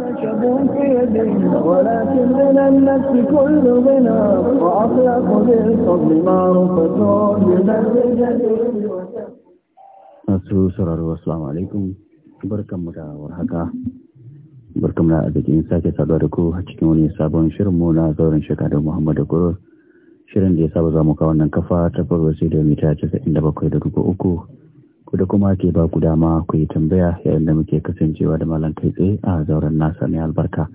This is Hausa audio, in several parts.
شب Masu sauraro, Assalamu alaikum, barkanmu da warhaka, barkanmu da arzikin sake saduwa da ku a cikin wani sabon shirinmu na zauren shekaru Muhammadu Gurur, shirin da ya saba za mu kawo wannan kafa ta farko sai da mita 97.3 ku da kuma ke ba ku dama ku yi tambaya yayin da muke kasancewa da malam kai tsaye a zauren nasa mai albarka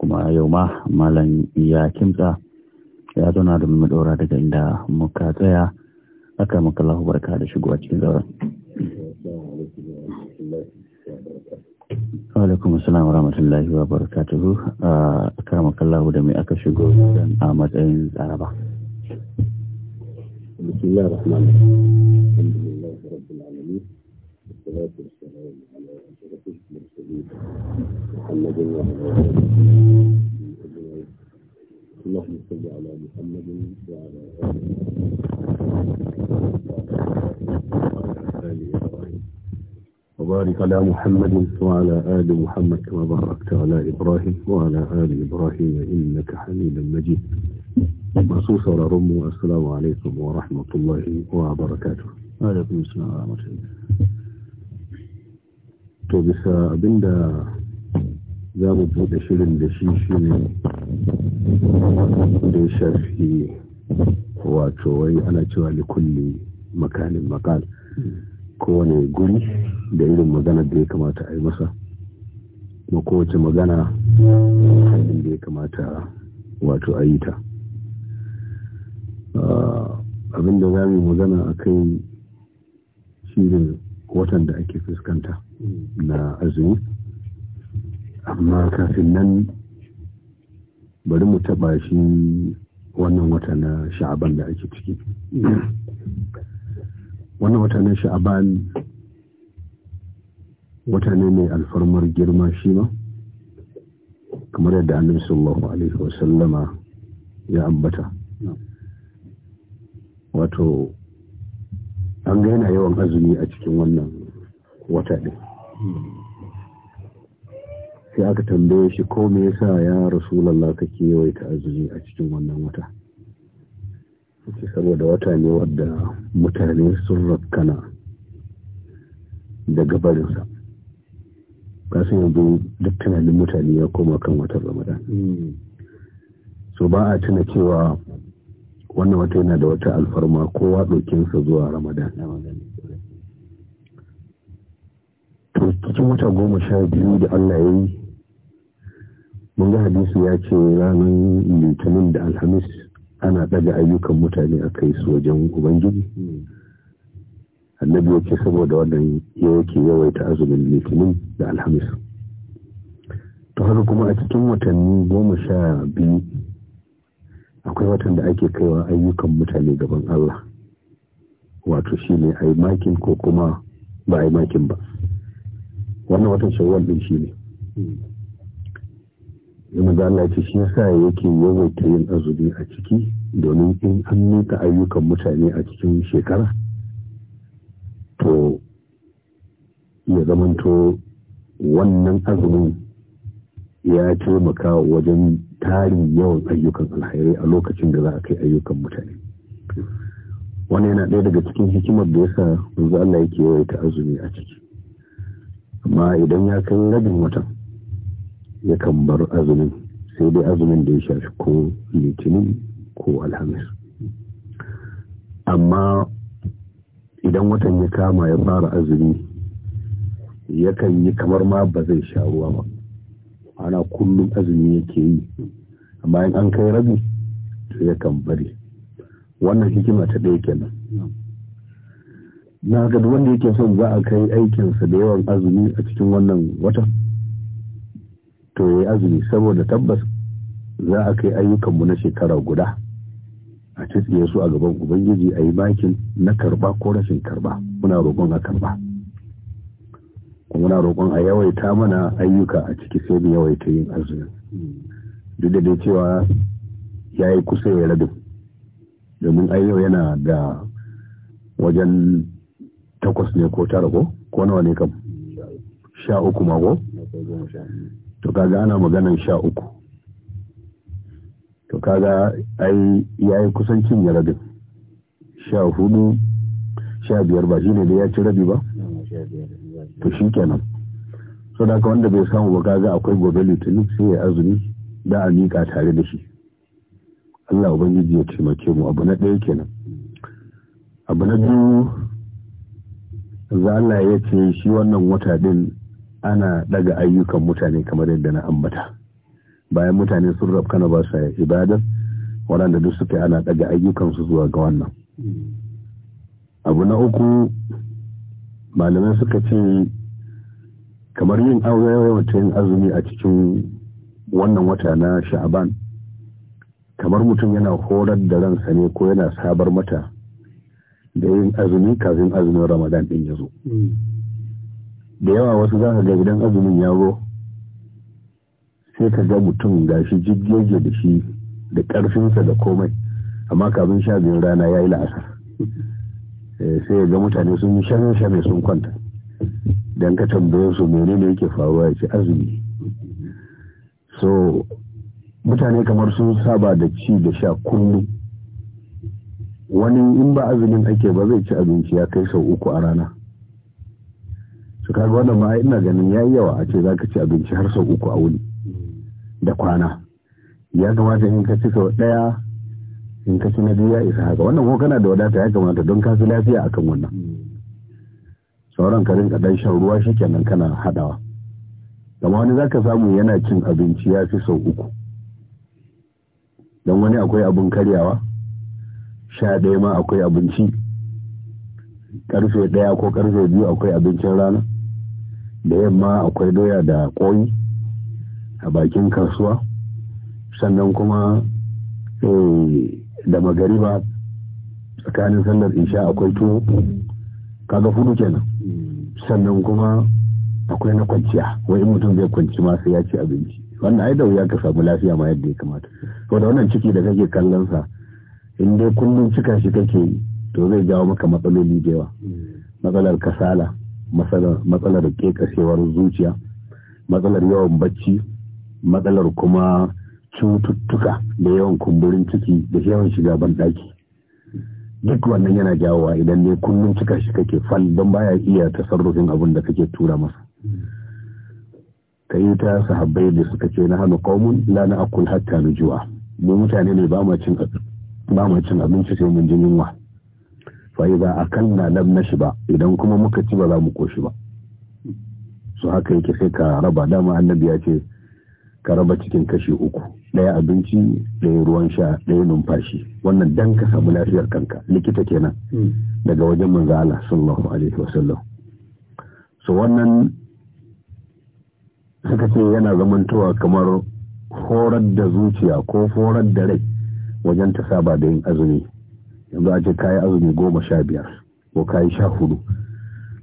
kuma yau ma malam ya kimtsa ya zauna domin mu ɗora daga inda muka tsaya aka maka lahu barka da shigowa cikin zauren. alaikum assalam wa rahmatullahi wa barakatuhu a karama kallahu da mai aka shigo a matsayin tsaraba. بارك على محمد وعلى آل محمد كما باركت على إبراهيم وعلى آل إبراهيم إنك حميد مجيد مخصوص على رمو السلام عليكم ورحمة الله وبركاته عليكم السلام ورحمة الله to bisa abinda za mu buɗe shirin da shi shine da ya shafi wato wai ana cewa likulli makanin makal kowane guri da irin magana da ya kamata a yi masa ma kowace magana da ya kamata wato a yi ta ah, abinda za mu magana a kai shirin watan da ake fuskanta na azumi amma kafin nan bari mu taba shi wannan wata na sha'aban da ake ciki wannan wata na sha'aban wata ne mai alfarmar girma shi ma kamar yadda annabi sallallahu alaihi wasallama ya ambata wato an ga yana yawan azumi a cikin wannan wata ɗin sai aka tambaye shi ko me yasa ya rasulullah kake yawaita azumi a cikin wannan wata yake saboda wata ne wadda mutane sun rakkana da gabarinsa kasan yanzu duk tunanin mutane ya koma kan watan ramadan so ba a tuna cewa wannan wata yana da wata alfarma kowa ɗaukinsa zuwa ramadan cikin wata goma sha biyu da Allah ya yi mun ga hadisi ya ce ranar litinin da alhamis ana daga ayyukan mutane a kai su wajen ubangiji annabi yake saboda wannan ya yake yawaita azumin litinin da alhamis ta haka kuma a cikin watanni goma sha biyu akwai watan da ake kaiwa ayyukan mutane gaban Allah wato shi ne a yi makin ko kuma ba a yi makin ba wannan watan shawwal din shi ne yana da Allah ce shi yasa yake yawaita yin azumi a ciki domin in an nuka ayyukan mutane a cikin shekara to ya zamanto wannan azumin ya taimaka wajen tarin yawan ayyukan alhairai a lokacin da za a kai ayyukan mutane wani yana ɗaya daga cikin hikimar da yasa wanzu Allah yake yawaita azumi a ciki amma idan ya kai rabin watan kan bar azumin sai dai azumin da ya shafi ko litinin ko alhamis amma idan watan ya kama ya fara azumi ya kan yi kamar ma ba zai sha ruwa ba ana kullum azumi yake yi amma in an kai rabi to kan bari wannan hikima ta ɗaya kenan na ga wanda yake son za a kai aikinsa da yawan azumi a cikin wannan watan to yayi azumi saboda tabbas za a kai ayyukan mu na shekara guda a citsiye su a gaban ubangiji a yi makin na karba ko rashin karba muna roƙon a karba muna roƙon a yawaita mana ayyuka a ciki sai mu yawaita yin azumi duk da dai cewa ya yi kusa ya rabin domin ayyau yana da wajen takwas ne ko tara ko ko nawa ne kam sha uku ma to kaga ana maganan sha uku to kaga ai yayi kusancin ya rabin sha hudu sha biyar ba shine da ya ci rabi ba to shi kenan so da wanda bai samu ba kaga akwai gobe litinin sai ya azumi da a miƙa tare da shi Allah ubangiji ya taimake mu abu na ɗaya kenan abu na biyu Allah ya ce shi wannan wata din ana daga ayyukan mutane kamar yadda na ambata bayan mutane sun na ba sa ibadar waɗanda duk suka ana daga ayyukansu zuwa ga wannan abu na uku malamai suka ce kamar yin wata yin azumi a cikin wannan wata na sha'aban kamar mutum yana horar da ransa ne ko yana sabar mata da yin azumi kafin azumin ramadan ɗin ya zo mm. da yawa wasu za ka ga idan azumin ya zo sai ka ga mutum gashi jijjege da shi da ƙarfinsa da komai amma kafin sha biyun rana ya yi la'asar eh, sai ga mutane sun yi shame-shame sun kwanta don ka tambaye su mene ne yake faruwa ya ce azumi so mutane kamar sun saba da ci da sha kullum wani in ba azumin ake ba zai ci abinci ya kai sau uku a rana su kaga wannan ma ina ganin ya yi yawa a ce za ka ci abinci har sau uku a wuni da kwana ya kamata in ka ci sau ɗaya in ka ci na biyu ya isa haka wannan ko kana da wadata ya kamata don ka su lafiya akan wannan sauran ka rinka dan shan ruwa shi kenan kana haɗawa Gama wani za ka samu yana cin abinci ya fi sau uku don wani akwai abin karyawa sha ɗaya ma akwai abinci ƙarfe ɗaya ko ƙarfe biyu akwai abincin rana da yamma akwai doya da ƙoyi a bakin kasuwa sannan kuma eh, da magariba tsakanin sallar isha akwai tuwo kaga fudu kenan sannan kuma akwai na kwanciya wani mutum zai kwanci ma sai ya ci abinci wannan ai da wuya ka samu lafiya ma yadda ya kamata wadda wannan ciki da kake kallon sa in dai kullum cika shi kake yi to zai jawo maka matsaloli da yawa hmm. matsalar kasala matsalar kekasewar zuciya matsalar yawan bacci matsalar kuma cututtuka da yawan kumburin ciki da yawan shiga banɗaki duk wannan yana jawowa idan ne kullum cika shi kake fal don baya iya tasarrufin abin da kake tura masa hmm. ka ta sahabbai da suka ce na hannu kaumun la na akul hatta juwa mu mutane ne ba ma cin ba mu cin abinci sai mun ji yunwa fa idza na lam nashba idan kuma muka ci ba za mu koshi ba so haka yake sai ka raba dama annabi ya ce ka raba cikin kashi uku daya abinci daya ruwan sha daya numfashi wannan dan ka samu lafiyar kanka likita kenan hmm. daga wajen manzo Allah sallallahu alaihi wasallam so wannan suka ce yana zamantowa kamar horar da zuciya ko horar da rai wajen ta saba da yin azumi yanzu a ce kayi azumi goma sha biyar ko kayi sha hudu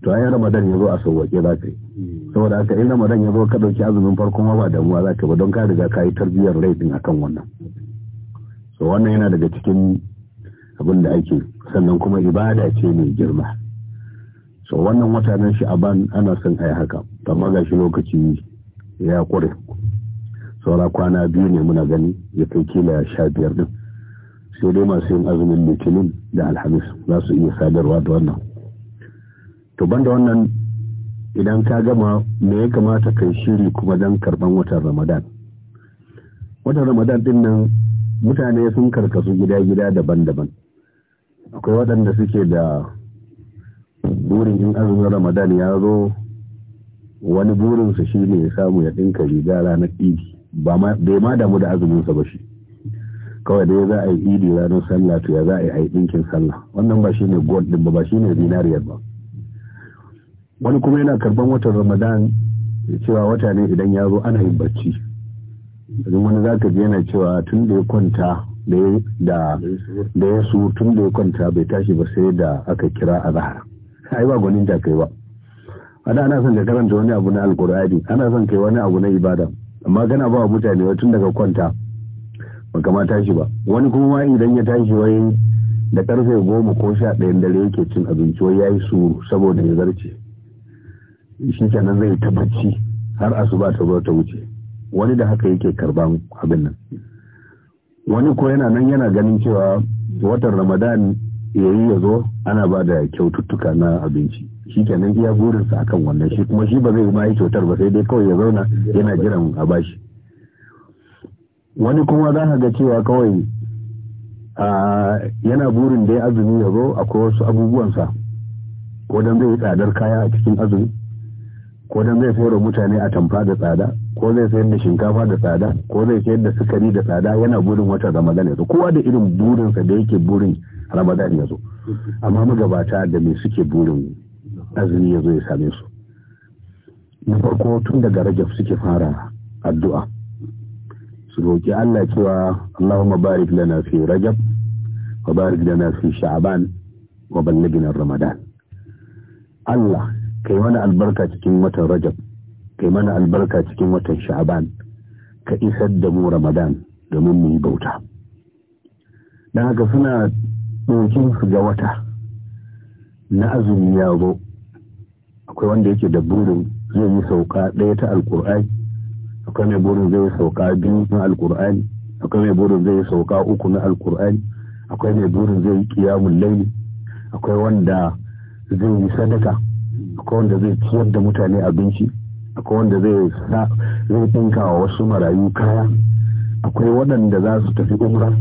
to ayi ramadan ya zo a sauwaƙe za ka yi saboda haka in ramadan ya zo ka ɗauki azumin farkon wa ba damuwa za ka ba don ka riga ka yi tarbiyyar rai ɗin akan wannan so wannan yana daga cikin abin da ake sannan kuma ibada ce mai girma so wannan wata nan shi aban ana son ayi haka amma ga shi lokaci ya ƙure saura kwana biyu ne muna gani ya kai kila sha biyar ɗin. sai dai masu yin azumin litinin da alhamis za su iya sadarwa da wannan to banda wannan idan ka gama me ya kamata kai shiri kuma don karban watan ramadan watan ramadan din nan mutane sun karkasu gida-gida daban-daban akwai waɗanda suke da burin yin azumin ramadan ya zo wani burinsa shi ne ya samu ya ɗinka riga ranar idi bai ma damu da azuminsa ba shi kawai da ya za a yi idi ranar sallah to ya za a yi a yi ɗinkin sallah wannan ba shi ne gold ɗin ba ba ne zinariyar ba wani kuma yana karban watan ramadan cewa wata ne idan ya zo ana yin barci idan wani za ka yana cewa tun da ya kwanta da ya su tun da ya kwanta bai tashi ba sai da aka kira a zahara ai ba gwanin ta kai ba ana ana son ka karanta wani abu na alkur'ani ana son kai wani abu na ibada amma kana ba mutane tun daga kwanta ba kama tashi ba wani kuma ma idan ya tashi wai da karfe goma ko sha ɗayan dare yake cin abinci wai ya yi su saboda ya zarce shi kenan zai tabbaci har har asuba ta zo ta wuce wani da haka yake karban abin nan wani ko yana nan yana ganin cewa watan ramadan ya yi ya zo ana ba da kyaututtuka na abinci shi kenan iya burinsa akan wannan shi kuma shi ba zai ma yi kyautar ba sai dai kawai ya zauna yana jiran a bashi wani kuma za ka ga cewa kawai yana burin da ya azumi ya zo akwai wasu abubuwansa ko don zai tsadar kaya a cikin azumi ko don zai sayar da mutane a tamfa da tsada ko zai sayar da shinkafa da tsada ko zai sayar da sukari da tsada yana burin wata ramadan ya zo kowa da irin burinsa da yake burin ramadan ya zo amma magabata da mai suke burin azumi ya zo ya same su na farko tun daga rajab suke fara addu'a su roƙi Allah cewa Allahumma barik lana fi Rajab wa barik lana fi Sha'ban wa ballighna Ramadan Allah kai mana albarka cikin watan Rajab kai mana albarka cikin watan Sha'ban ka isar da mu Ramadan domin mu yi bauta dan haka suna dokin su ga wata na azumi ya zo akwai wanda yake da burin zai yi sauka ɗaya ta alƙur'ani akwai mai burin zai sauka biyu na alkur'ani akwai mai burin zai sauka uku na alkur'ani akwai mai burin zai yi kiyamun laili akwai wanda zai yi sadaka akwai wanda zai ciyar da mutane abinci akwai wanda zai ɗinka wa wasu marayu kaya akwai waɗanda za su tafi umra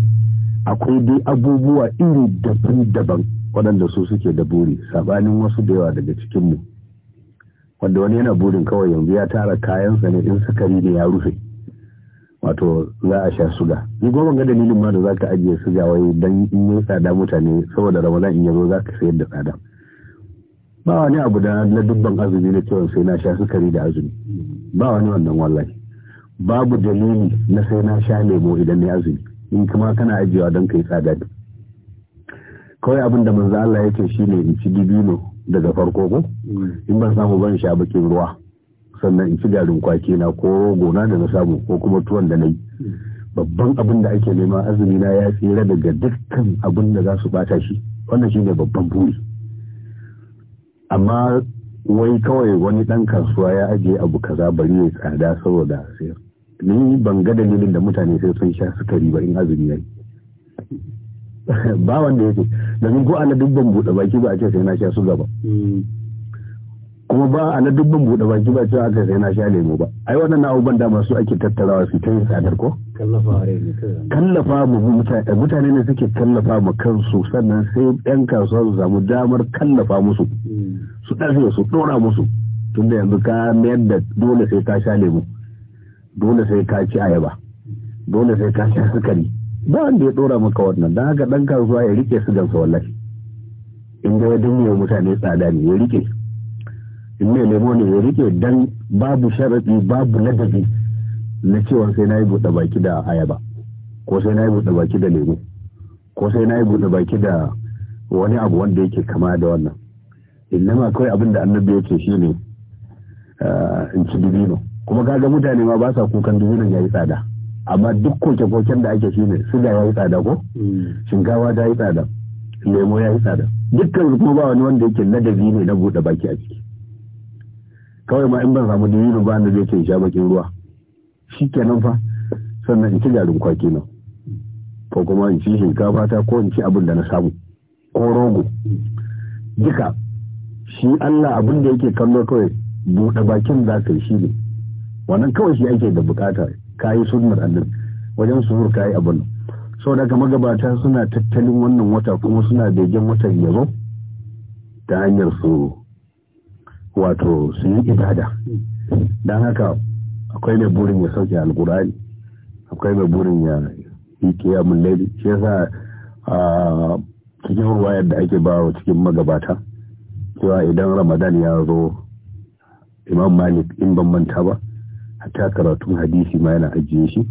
akwai dai abubuwa iri daban-daban waɗanda su suke da buri sabanin wasu da yawa daga cikinmu wanda wani yana burin kawai yanzu ya tara kayansa ne in sukari ne ya rufe wato za a sha suga ni goma ga dalilin ma da za ka ajiye suga wai dan in yi tsada mutane saboda ramadan in yazo ka sayar da tsada ba wani abu da na dubban azumi na cewa sai na sha sukari da azumi ba wani wannan wallahi babu dalili na sai na sha lemo idan ne azumi in kuma kana ajiyewa don kai tsada kawai abin da manzo Allah yake shine in ci dibino daga farko ko mm. in ban samu ban sha bakin ruwa sannan in ci garin kwaki na ko rogo na da na samu ko kuma tuwon da na yi mm. babban abin da ake nema azumi na ya tsira daga dukkan abin da za su bata shi wannan shine babban buri amma wai kawai wani dan kasuwa ya ajiye abu kaza bari ya tsada saboda sai ni ban ga dalilin da mutane sai sun sha sukari ba in azumi yayi ba wanda yake domin ko ana dubban buɗe baki ba a ce sai na sha suga ba hmm. kuma ba ana dubban buɗe baki ba cewa aka sai na sha lemo ba ai wannan abubuwan da masu ake tattarawa su ta yin tsadar ko kallafa mu mutane ne suke kallafa mu kansu sannan sai yan kasuwa su samu damar kallafa musu hmm. su ɗafe su ɗora musu tunda yanzu ka mayar da dole sai ka sha lemo dole sai ka ci ayaba dole sai ka sha sukari ba wanda ya dora maka wannan da haka ɗan kasuwa ya rike su gansa wallahi in ga yadda ne mutane tsada ne ya rike in mai lemo ne ya rike dan babu sharaɗi babu ladabi na cewa sai na yi buɗe baki da ayaba ko sai na yi buɗe baki da lemo ko sai na yi buɗe baki da wani abu wanda yake kama da wannan ma kawai abin da annabi yake shi ne eh, in ci dibino kuma kaga mutane ma ba sa kukan dibinon ya yi tsada amma duk koke-koken da ake shine suga ya yi tsada ko hmm. shinkawa ta yi tsada lemo ya yi tsada dukkan kuma ba wani wanda yake ladabi ne na buɗe baki a ciki kawai ma in ban samu dibino ba da zai sha bakin ruwa shi kenan fa sannan in ci garin kwaki nan ko kuma in ci shinkafa ta ko in ci abin da na samu ko rogo duka shi Allah abin da yake kallo kawai buɗe bakin za ka yi shi ne wannan kawai shi ake da bukata kayi sunnar annabi wajen suhur kayi abin sau daga magabata suna tattalin wannan wata kuma suna begen watan ya zo ta hanyar su wato su yi ibada don haka akwai mai burin ya sauke alkurani akwai mai burin ya yi mun lai shi yasa a cikin ruwayar da ake ba wa cikin magabata cewa idan ramadan ya zo imam malik in ban manta ba ta karatun hadisi ma yana ajiye shi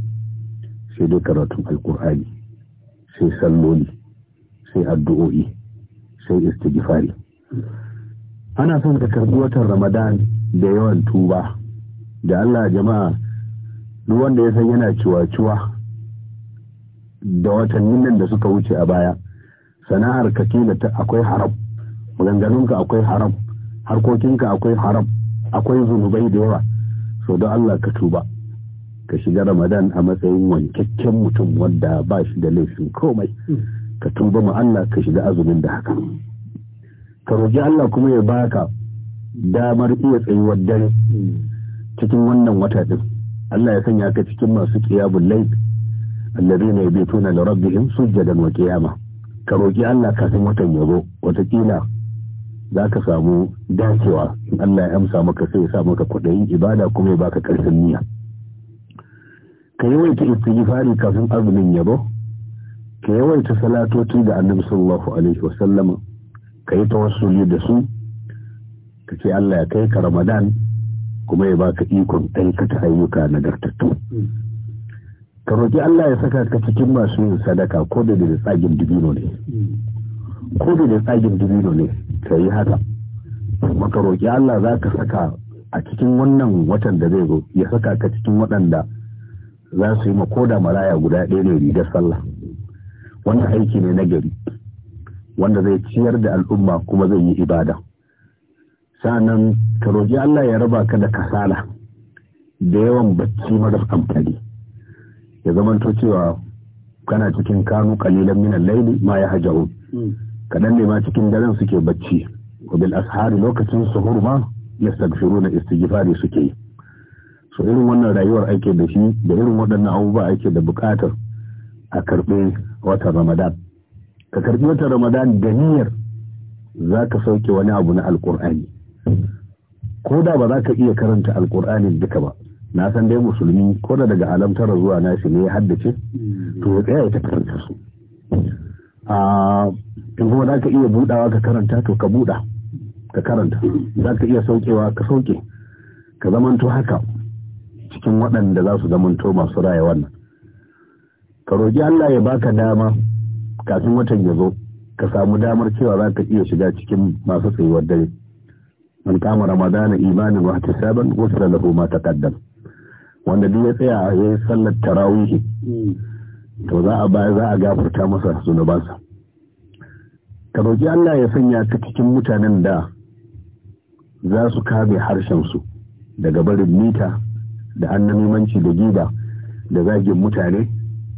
sai dai karatun alkur'ani sai salloli sai addu'o'i sai istighfari ana son ka karbi watan ramadan da yawan tuba da Allah jama'a duk wanda ya san yana ciwa-ciwa da watannin nan da suka wuce a baya sana'ar ka ta akwai haram maganganunka akwai haram harkokinka akwai haram akwai zunubai da yawa so don Allah ka tuba ka shiga ramadan a matsayin wankakken mutum wanda ba shi da laifin komai ka tuba ma Allah ka shiga azumin da haka ka roƙi Allah kuma ya baka damar iya tsayuwar dare cikin wannan wata din Allah ya sanya ka cikin masu qiyamul layl alladhina yabituna li rabbihim sujadan wa qiyama ka roƙi Allah kafin watan ya zo wataƙila za ka samu dacewa in Allah ya amsa maka sai ya sa maka kwaɗayin ibada kuma ya baka karfin niyya ka yawaita fari kafin azumin yabo ka yawaita salatoci da annabi sallallahu alaihi wa sallama ka yi tawassuli da su ka ce Allah ya kai ka Ramadan kuma ya baka ikon aikata ayyuka nagartattu ka roƙi Allah ya saka ka cikin masu yin sadaka ko da da tsagin dubino ko da da tsagin dubino ne ka yi haka maka roƙi Allah za ka saka a cikin wannan watan da zai zo ya saka ka cikin waɗanda za su yi ma koda maraya guda ɗaya ne rigar sallah wanda aiki ne na gari wanda zai ciyar da al'umma kuma zai yi ibada sa'annan ka roƙi Allah ya raba ka da kasala da yawan bacci maras amfani ya zamanto cewa kana cikin kanu kalilan minan laili ma ya hajaru hmm. kaɗan ne ma cikin daren suke bacci bil ashari lokacin suhur ma na istighfari suke yi so irin wannan rayuwar ake da shi da irin waɗannan abubuwa ake da buƙatar a karɓe watan ramadan ka karɓi watan ramadan da niyyar za ka sauke wani abu na alƙur'ani ko da ba za ka iya karanta alƙur'anin duka ba na san dai musulmi ko da daga alamtara zuwa nashi ne ya haddace to ya tsaya ya ta karanta su in kuma za ka iya budawa ka karanta to ka buda ka karanta za ka iya saukewa ka sauke ka zamanto haka cikin waɗanda za su zamanto masu raya wannan ka roƙi Allah ya baka dama kafin watan ya zo ka samu damar cewa za ka iya shiga cikin masu tsayuwar dare man kama ramadana imanin wa saban wasu lahu ma taqaddam wanda duk ya tsaya sallar tarawihi hmm. to za a ba za a gafarta masa zunubansa ka roƙi Allah ya sanya ta cikin mutanen da za su kame harshen su daga barin mita da annamimanci da giba da zagin mutane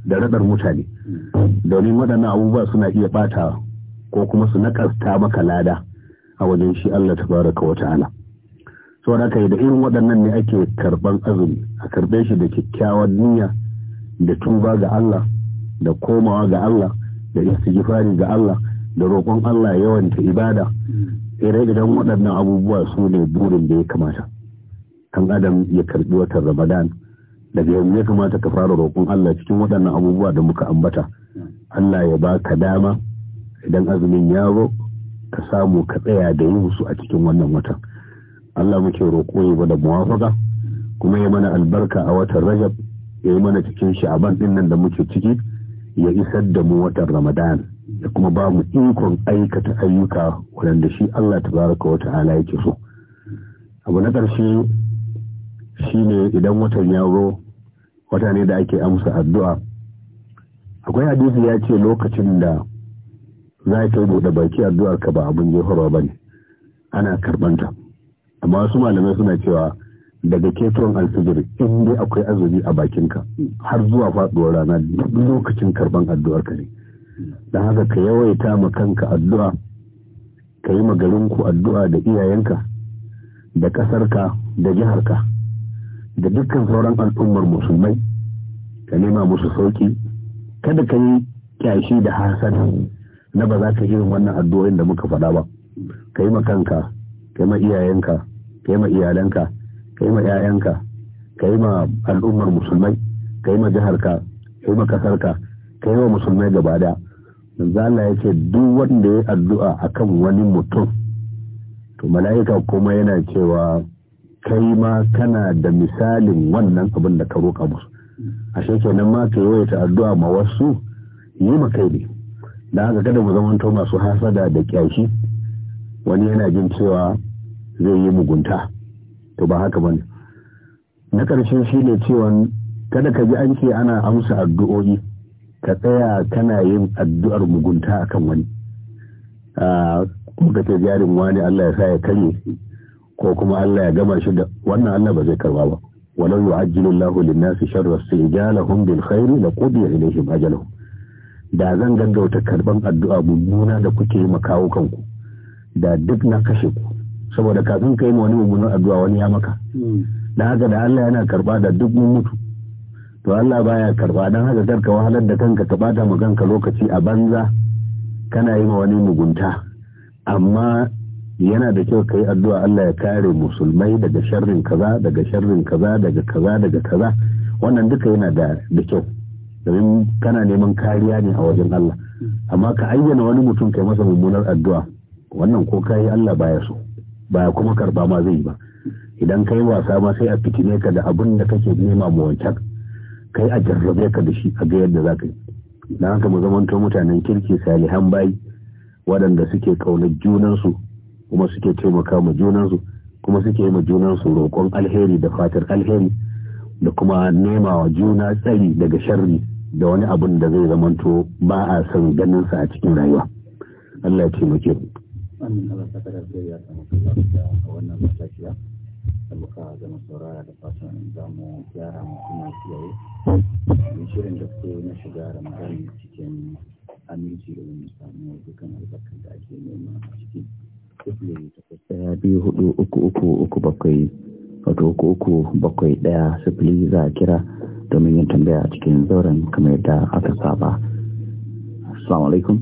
da radar mutane domin waɗannan abubuwa suna iya ɓata ko kuma su nakasta maka lada a wajen shi Allah ta fara wa ta'ala saboda Sau da irin waɗannan ne ake karɓar azumi a karɓe shi da kyakkyawan niyya da tuba ga Allah da komawa ga Allah da istighfari ga Allah da roƙon Allah yawanta ibada ire-iren waɗannan abubuwa su ne burin da ya kamata kan adam ya karɓi watan ramadan daga yanzu ya kamata ka fara roƙon Allah cikin waɗannan abubuwa da muka ambata Allah ya ba ka dama idan azumin ya zo ka samu ka tsaya da yin su a cikin wannan watan Allah muke roƙo ya bada muwafaka kuma ya mana albarka a watan Rajab ya yi mana cikin sha'aban din nan da muke ciki ya isar da mu watan ramadan da kuma ba mu ikon aikata ayyuka waɗanda shi Allah ta baraka wa ta'ala yake so abu na ƙarshe shine idan watan ya wata ne da ake amsa addu'a akwai hadisi ya ce lokacin da za ka yi buɗe baki addu'ar ka ba abin jefarwa ba ne ana karɓanta amma wasu malamai suna cewa daga ketron alfijir in dai akwai azumi a bakinka har zuwa faduwar rana duk lokacin karban addu'ar ka ne don haka ka yawaita ma kanka addu'a ka yi magarinku addu'a da iyayenka da ƙasarka da jiharka da dukkan sauran al'ummar musulmai ka nema musu sauki kada ka yi kyashi da hasada na ba za ka yi wannan addu'o'in da muka faɗa ba ka yi ma kanka ka yi ma iyayenka ka yi ma iyalanka kai ma 'ya'yanka kai yi ma al'ummar musulmai ka ma jiharka ka yi ma kasarka ka yi ma musulmai gaba da manzo Allah yake duk wanda ya addu'a akan wani mutum to mala'ika kuma yana cewa kai ma kana da misalin wannan abin da ka roƙa musu ashe kenan ma ka yi ta addu'a ma wasu yi ma kai ne da haka kada mu zama masu hasada da kyashi wani yana jin cewa zai yi mugunta to ba haka bane na ƙarshe shi ne cewa kada ka ji an ce ana amsa addu'o'i ka tsaya kana yin addu'ar mugunta akan wani ko ka ce jarin wani Allah ya sa ya karye ko kuma Allah ya gama shi da wannan Allah ba zai karba ba walau yu'ajjilu Allahu lin-nasi sharra da bil khairi la qudiya ilayhim ajaluhum da zan gaggauta karban addu'a mummuna da kuke yi makawo kanku da duk na kashe ku saboda kafin kai ma wani mummunan addu'a wani ya maka hmm. da haka da Allah yana karba da duk mun mutu to Allah baya karba dan haka karka wahalar da kanka ka bata ma kanka lokaci a banza kana yi ma wani mugunta amma yana da kyau yi addu'a Allah ya kare musulmai daga sharrin kaza daga sharrin kaza daga kaza daga kaza wannan duka yana da da kyau domin kana neman kariya ne a wajen Allah hmm. amma ka ayyana wani mutum kai masa mummunar addu'a wannan ko kai Allah baya so ba ya kuma karba ma zai ba idan kai wasa ma sai a fitine ka da abin da kake nema ma wancan kai a jarrabe ka da shi a ga yadda za ka yi don haka mu zamanto mutanen kirki salihan bayi waɗanda suke ƙaunar junansu kuma suke taimaka ma junansu kuma suke yi ma junansu roƙon alheri da fatar alheri da kuma nema wa juna tsari daga sharri da wani abin da zai zamanto ba a son ganinsa a cikin rayuwa Allah ya taimake mu wannan Allah ta kada zai ya samu kula da wannan matashiya da muka zama saurara da fatan za mu gyara mu kuma kiyaye. Mun shirin da su na shiga Ramadan cikin aminci da wani samu dukkan albarkar da ake nema a ciki. Sifili Ta ɗaya biyu hudu uku uku uku bakwai wato uku uku bakwai ɗaya sifili za a kira domin yin tambaya a cikin zauren kamar yadda aka saba. Assalamu alaikum.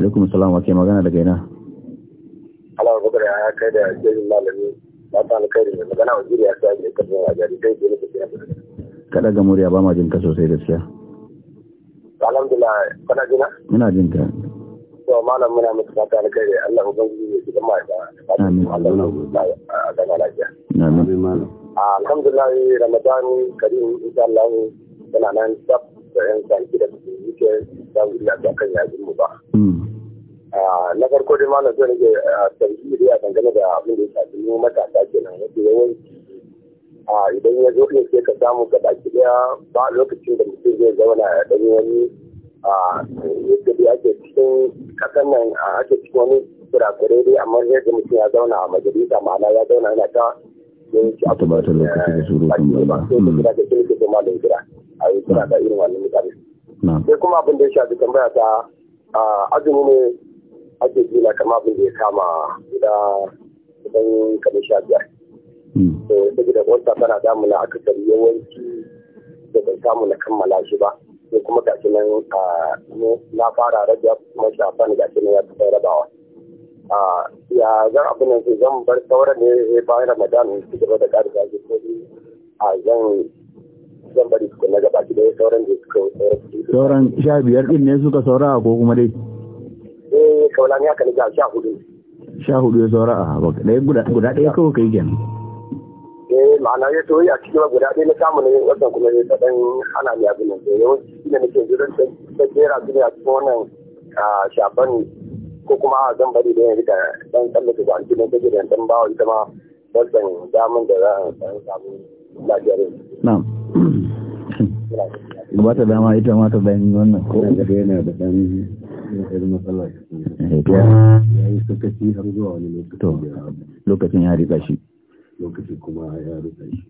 alaikum salam wake magana daga ina ala ya ya kai da jirgin malami ba ta alkhairi ne magana wa ya sa yi kan yawa jari sai ke nake kira kada ga murya ba ma jin ka sosai gaskiya alhamdulillah kana jina ina jin to malam muna ba ta alkhairi Allah ya gudana ya shiga mai ba amin a gana lafiya amin malam alhamdulillah ramadan karim insha Allah yana nan a kan yajin mu ba hmm. Ah, na farko dai malam zai rage sarki ah, da ya dangane da abin da ya shafi mu matasa kenan yadda yawanci a ah, idan ya zo ne sai ka samu ga baki daya ba lokacin da mutum zai zauna ya ɗan wani a yadda dai ake cikin kasan nan ake cikin wani kurakure dai amma ga mutum ya zauna a majalisa ma'ana ya zauna yana ta yawanci a hmm. kuma ta lokacin da suru kan yi ba. Sai da kirki da malam kira a yi kira da irin wannan mutane. Hmm. Hmm. Sai kuma abin da ya shafi tambaya ta azumi ne ake juna kama abin da ya kama guda idan kamar sha biyar. Hmm. To saboda wata tana damuna aka sari yawanci da ban samu na kammala shi ba. Sai kuma gashi nan na fara rajab kuma shafan gashi nan ya fi rabawa. Ya zan abin nan zan bar sauran ne eh, bayan Ramadan su gaba da ƙari da ko a zan zan bari tukuna gaba ki sauran da suka sauran. Sauran sha biyar ɗin ne suka saura ko kuma dai. kaulani haka ne ga sha hudu sha hudu ya saura a haɓaka ɗaya guda ɗaya kawai ka yi gyan eh ma'ana ya to a cikin guda ɗaya na samu ne wannan kuma ya ɗan hana ni abin nan yawanci ne nake jiran ta jera su ne a cikin wannan shafan ko kuma a zan bari da yanzu da ɗan tsallake da alƙinin da gidan ɗan bawa ita ma wannan damun da za a samu lafiyar na'am gabata dama ita ma ta ɗan wannan ko da yana da ɗan lokacin ya riga shi Lokacin kuma ya riga shi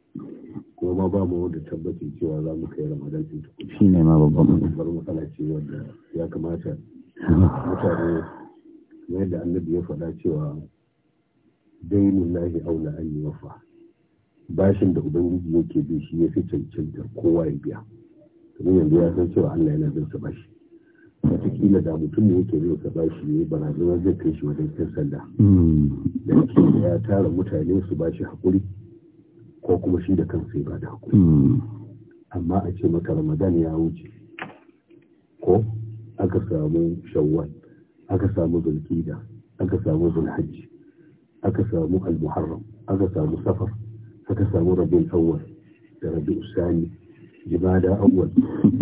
kuma ma ba mu da tabbacin cewa za mu kai ramadan din tukun shi ne ma babban babbar matsala ce wanda ya kamata mutane kamar da annabi ya faɗa cewa dainun lahi aula an yi wafa bashin da ubangiji yake bi shi ya fi cancanta kowa ya biya kamar yanzu ya san cewa allah yana bin sa bashi watakila da mutum yake zai ka shi ne barazana zai kai shi wajen kin sanda hmm. da yake ya tara mutane su ba shi haƙuri ko kuma shi da kansa ya ba da haƙuri hmm. amma a ce maka ramadan ya wuce ko aka samu shawwal aka samu zulkida aka samu zulhajji aka samu almuharram aka samu safar aka samu rabin awwal da rabi'u sani jimada awwal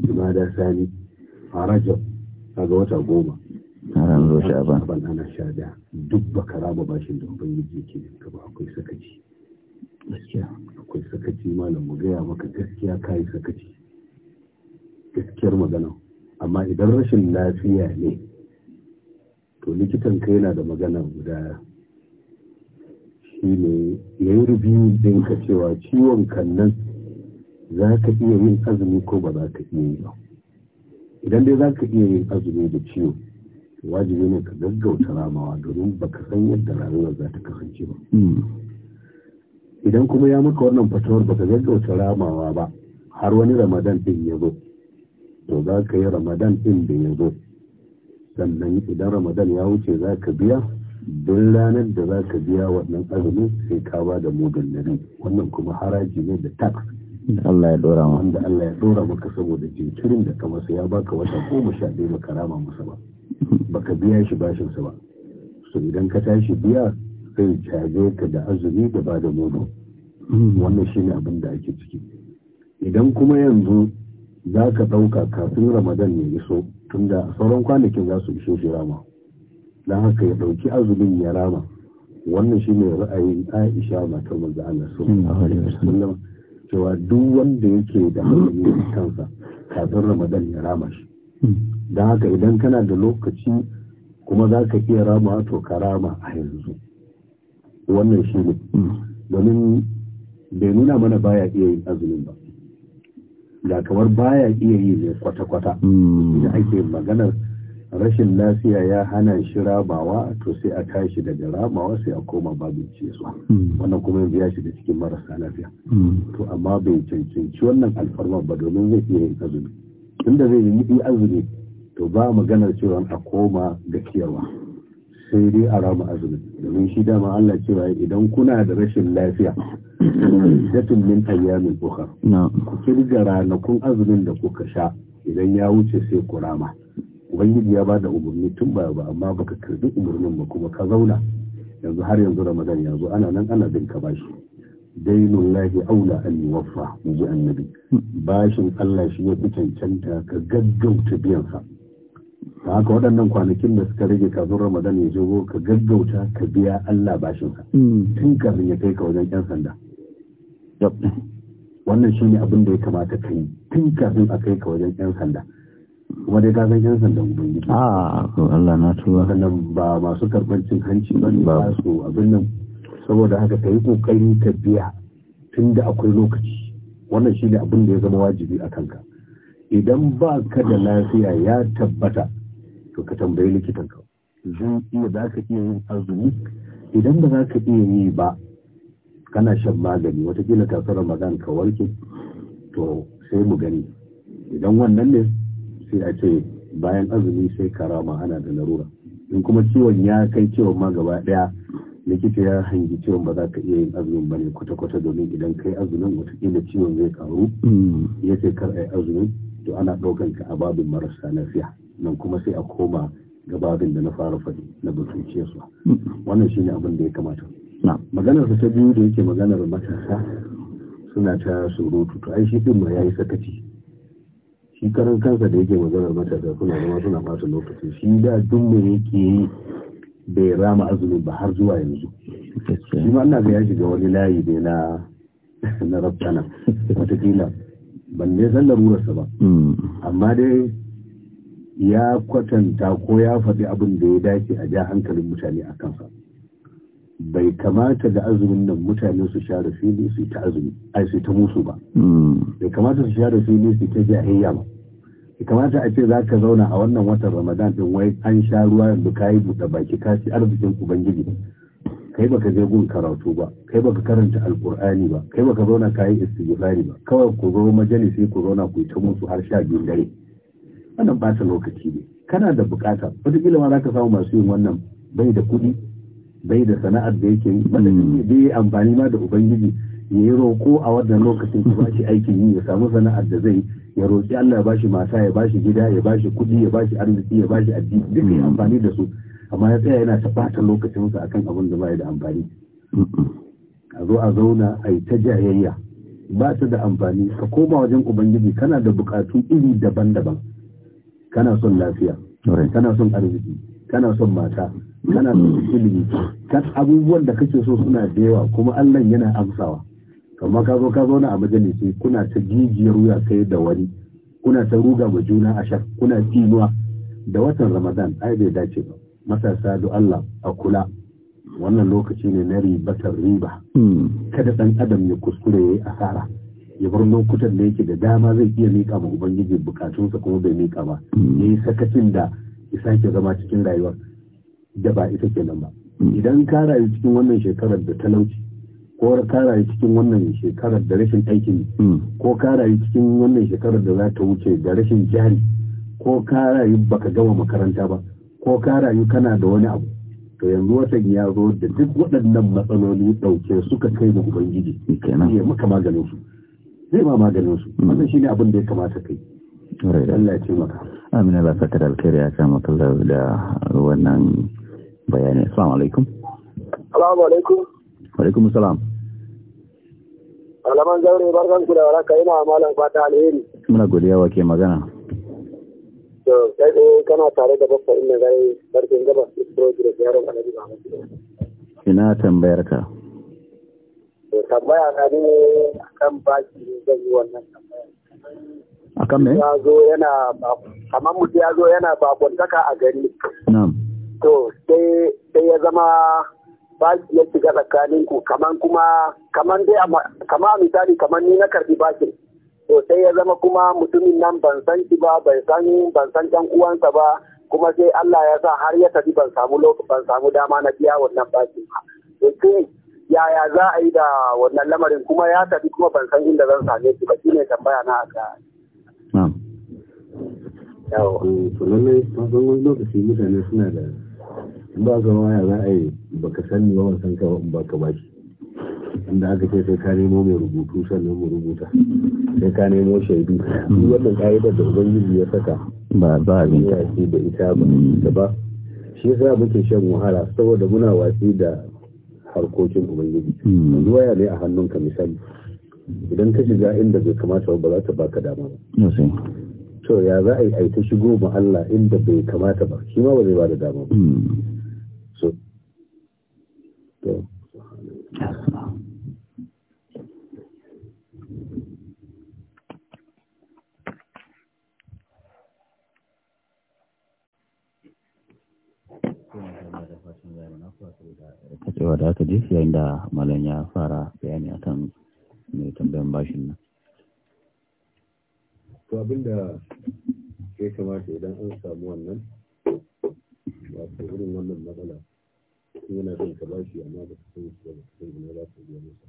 jimada sani a rajab kaga wata goma haram zo sha ban ban ana sha da duk baka raba bashin da ubangiji yake da ba akwai sakaci gaskiya akwai sakaci malam mu gaya maka gaskiya kai sakaci gaskiyar magana amma idan rashin lafiya ne to likitan ka yana da magana guda shi ne ya yi rubiyu ɗinka cewa ciwon kannan za ka iya yin azumi ko ba za ka iya yi ba idan dai za ka iya yin azumi da ciwo wajibi ne ka gaggauta ramawa domin ba ka san yadda rayuwar za ta kasance ba hmm. idan kuma ya maka wannan fatawar ka gaggauta ramawa ba har wani ramadan din ya zo to za ka yi ramadan din da ya zo sannan idan ramadan ya wuce za ka biya don ranar da za ka biya wannan azumin sai ka ba da mudun nabi wannan kuma haraji ne da tax da Allah ya dora mu. wanda Allah ya dora maka saboda jinkirin da ka masa ya baka wata goma sha ɗaya baka rama masa ba baka biya shi bashin sa ba so idan ka tashi biya sai caje ka da azumi da ba da nono wannan shine abin da ake ciki idan kuma yanzu za ka ɗauka kafin ramadan ya iso tunda sauran kwanakin za su ishe shi rama don haka ya ɗauki azumin ya rama wannan shine ra'ayin aisha matar manzo Allah sallallahu alaihi wasallam cewa duk wanda yake da hanyoyi kansa kafin ramadan ya rama shi don haka idan kana da lokaci kuma za ka iya rama to ka rama a yanzu wannan shi ne domin bai nuna mana baya iya yin azumin ba ga kamar baya iya yi ne kwata-kwata da ake maganar rashin lafiya ya hana shi rabawa to sai a tashi daga rabawa sai a koma babin su hmm. wannan kuma biya shi da cikin marasa lafiya hmm. to amma bai cancanci wannan alfarma ba domin zai iya yin azumi inda zai yi azumi to ba maganar cewa a koma ga ciyarwa sai dai a rama azumi domin shi dama Allah cewa idan kuna da rashin lafiya datun min ayyamin ukhra ku kirga ranakun azumin da kuka sha idan ya wuce sai ku rama ubangiji ya bada umarni tun baya ba amma baka karbi umarnin ba kuma ka zauna yanzu har yanzu ramadan ya zo ana nan ana bin ka bashi dainun lahi aula an yuwaffa mu ji annabi bashin Allah shi ya fi cancanta ka gaggauta biyan sa haka waɗannan kwanakin da suka rage kafin ramadan ya zo ka gaggauta ka biya Allah bashin sa tun kafin ya kai ka wajen yan sanda wannan shine abin da ya kamata ka yi tun kafin a kai ka wajen yan sanda kuma dai kasan yan sandan ubangiji a ah, ko Allah na tuwa sannan ba masu karbancin cin hanci ba ne ba su abinnan saboda haka ta yi kokari tabiya, biya tun da akwai lokaci wannan shi ne abin da ya zama wajibi a kanka idan ba ka da lafiya ya tabbata to ka tambayi likitanka zan iya za ka iya yin azumi idan ba za ka iya yi ba kana shan magani watakila kasuwar magan ka warke to sai mu gani idan wannan ne sai a ce bayan azumi sai karama ana da larura in kuma ciwon ya kai ciwon ma gaba daya likita ya hangi ciwon ba za ka iya yin azumin ba ne kwata-kwata domin idan kai azumin watakila ciwon zai karu mm. ya ce kar a yi azumin to ana ɗaukan ka a babin marasa lafiya nan kuma sai a koma ga babin da na fara faɗi na batuciya su mm. wannan shine abin da ya kamata maganar ta biyu da yake maganar matasa suna ta surutu to ai shi ɗin ma yi sakaci shi karan kansa da yake maganar matasa suna zama suna bata lokaci shi da duk mai yake yi bai rama azumin ba har zuwa yanzu shi ma ina ga ya shiga wani layi ne na na rabtana watakila ban ne san larurarsa ba mm. amma dai ya kwatanta ko ya faɗi abin da ya dace a ja hankalin mutane a kansa bai kamata da azumin nan mutane su share fili su ta azumi ai su ta musu ba mm. bai kamata su share fili su ta jahiyya ba bai kamata a ce za ka zauna a wannan watan ramadan din wai an sha ruwa yanzu ka yi buɗe baki ka ci arzikin ubangiji kai baka je gun karatu ba kai baka karanta alkur'ani ba kai baka zauna ka yi istighfari ba kawai ku zo majalisi ku zauna ku ta musu har sha biyun dare wannan ba ta lokaci ne kana da bukata kila ma za ka samu masu yin wannan bai da kuɗi bai da sana'ar da yake yi wanda zai amfani ma da ubangiji ya yi roƙo a wannan lokacin ya bashi aikin yi ya samu sana'ar da zai ya roƙi Allah ya bashi mata ya bashi gida ya bashi kuɗi ya bashi arziki ya bashi addini Duk ya amfani da su amma ya tsaya yana ta lokacin lokacinsa akan abin da bai da amfani a zo a zauna a yi ta jayayya ba ta da amfani ka koma wajen ubangiji kana da buƙatu iri daban-daban kana son lafiya kana son arziki kana son mata kana son ilimi kan abubuwan da kake so suna da yawa kuma Allah yana amsawa kamar ka zo ka zauna a majalisi kuna ta jijiyar wuya kai da wani kuna ta ruga ma juna a shar kuna tinuwa da watan Ramadan ai bai dace ba matasa da Allah a kula wannan lokaci ne na ribatar riba hmm. kada dan adam ya kuskure yayi asara ya bar lokutan da yake da dama zai iya mika ma ubangiji bukatunsa kuma bai mika ba hmm. yayi sakacin da Isa sake zama cikin rayuwar da ba ita nan ba idan ka rayu cikin wannan shekarar da talauci ko ka rayu cikin wannan shekarar da rashin aikin hmm. ko ka rayu cikin wannan shekarar da za ta wuce da rashin jari ko ka rayu baka gama makaranta ba ko ka rayu kana da wani abu to yanzu watan ya zo da duk waɗannan matsaloli ɗauke suka kai mu ubangiji ya maka maganin su zai ma maganin su hmm. wannan shi ne abin da ya kamata kai Allah ya ce maka amin Allah saka da alkhairi ya kama kallar da wannan bayani assalamu alaikum assalamu alaikum wa alaikum assalam alaman zaure barkan ku da waraka ina malam fata alheri muna godiya wa ke magana to sai dai kana tare da babba inda zai barkin gabas istroji da ziyarar alhaji Muhammad ina tambayar ka tambaya na ne kan baki zai yi wannan tambaya akan me ya zo yana kamar mutum ya zo yana bakontaka a gari na'am to sai sai ya zama baki ya shiga tsakanin ku kaman kuma kamar dai kamar misali kamar ni na karbi bakin to sai ya zama kuma mutumin nan ban san shi ba ban san ban san dan uwansa ba kuma sai Allah ya sa har ya tafi ban samu ban samu dama na biya wannan bakin ba to yaya za a yi da wannan lamarin kuma ya tafi kuma ban san inda zan same shi ba shine tambaya na aka na'am yawa lallai fatan wani lokaci mutane suna da ba ga waya za a yi baka sani ba wasan ka ba ka ba shi inda aka ce sai ka nemo mai rubutu sannan mu rubuta sai ka nemo shaidu duk wannan ka'idar da ubangiji ya saka ba ba ne ya ce da ita ba da ba shi muke shan wahala saboda muna watsi da harkokin ubangiji hmm. yanzu waya ne a hannunka misali idan ka shiga inda bai kamata ba za ta baka dama ba to ya za a yi a ta shigo ma Allah inda bai kamata ba shi ma ba zai ba da dama ba hmm. so to kacewa da aka je yayin da malam ya fara bayani akan mai tambayan bashin nan to abinda ya kamata idan an samu wannan wato irin wannan matsala yana son ka bashi amma ba su san shi ba su san ina za su biya masa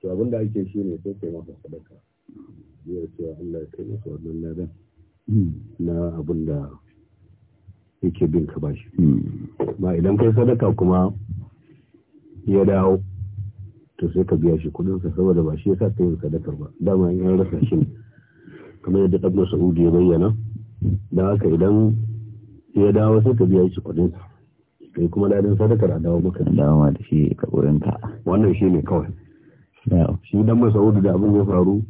to abinda ake shi ne sai kai masa sadaka biyar cewa Allah ya kai masa wannan ladan na abinda yake bin ka bashi hmm. ma idan kai sadaka kuma ya dawo to sai ka biya shi kudin sa saboda ba shi yasa ta yin sadakar ba dama in an rasa shi kamar yadda ɗan Saudi ya bayyana da haka idan ya dawo sai ka biya shi kudin sa kai kuma dadin sadakar a dawo maka da dawo da shi ka gurin ka wannan shi ne kawai shi dan Saudi da abin ya faru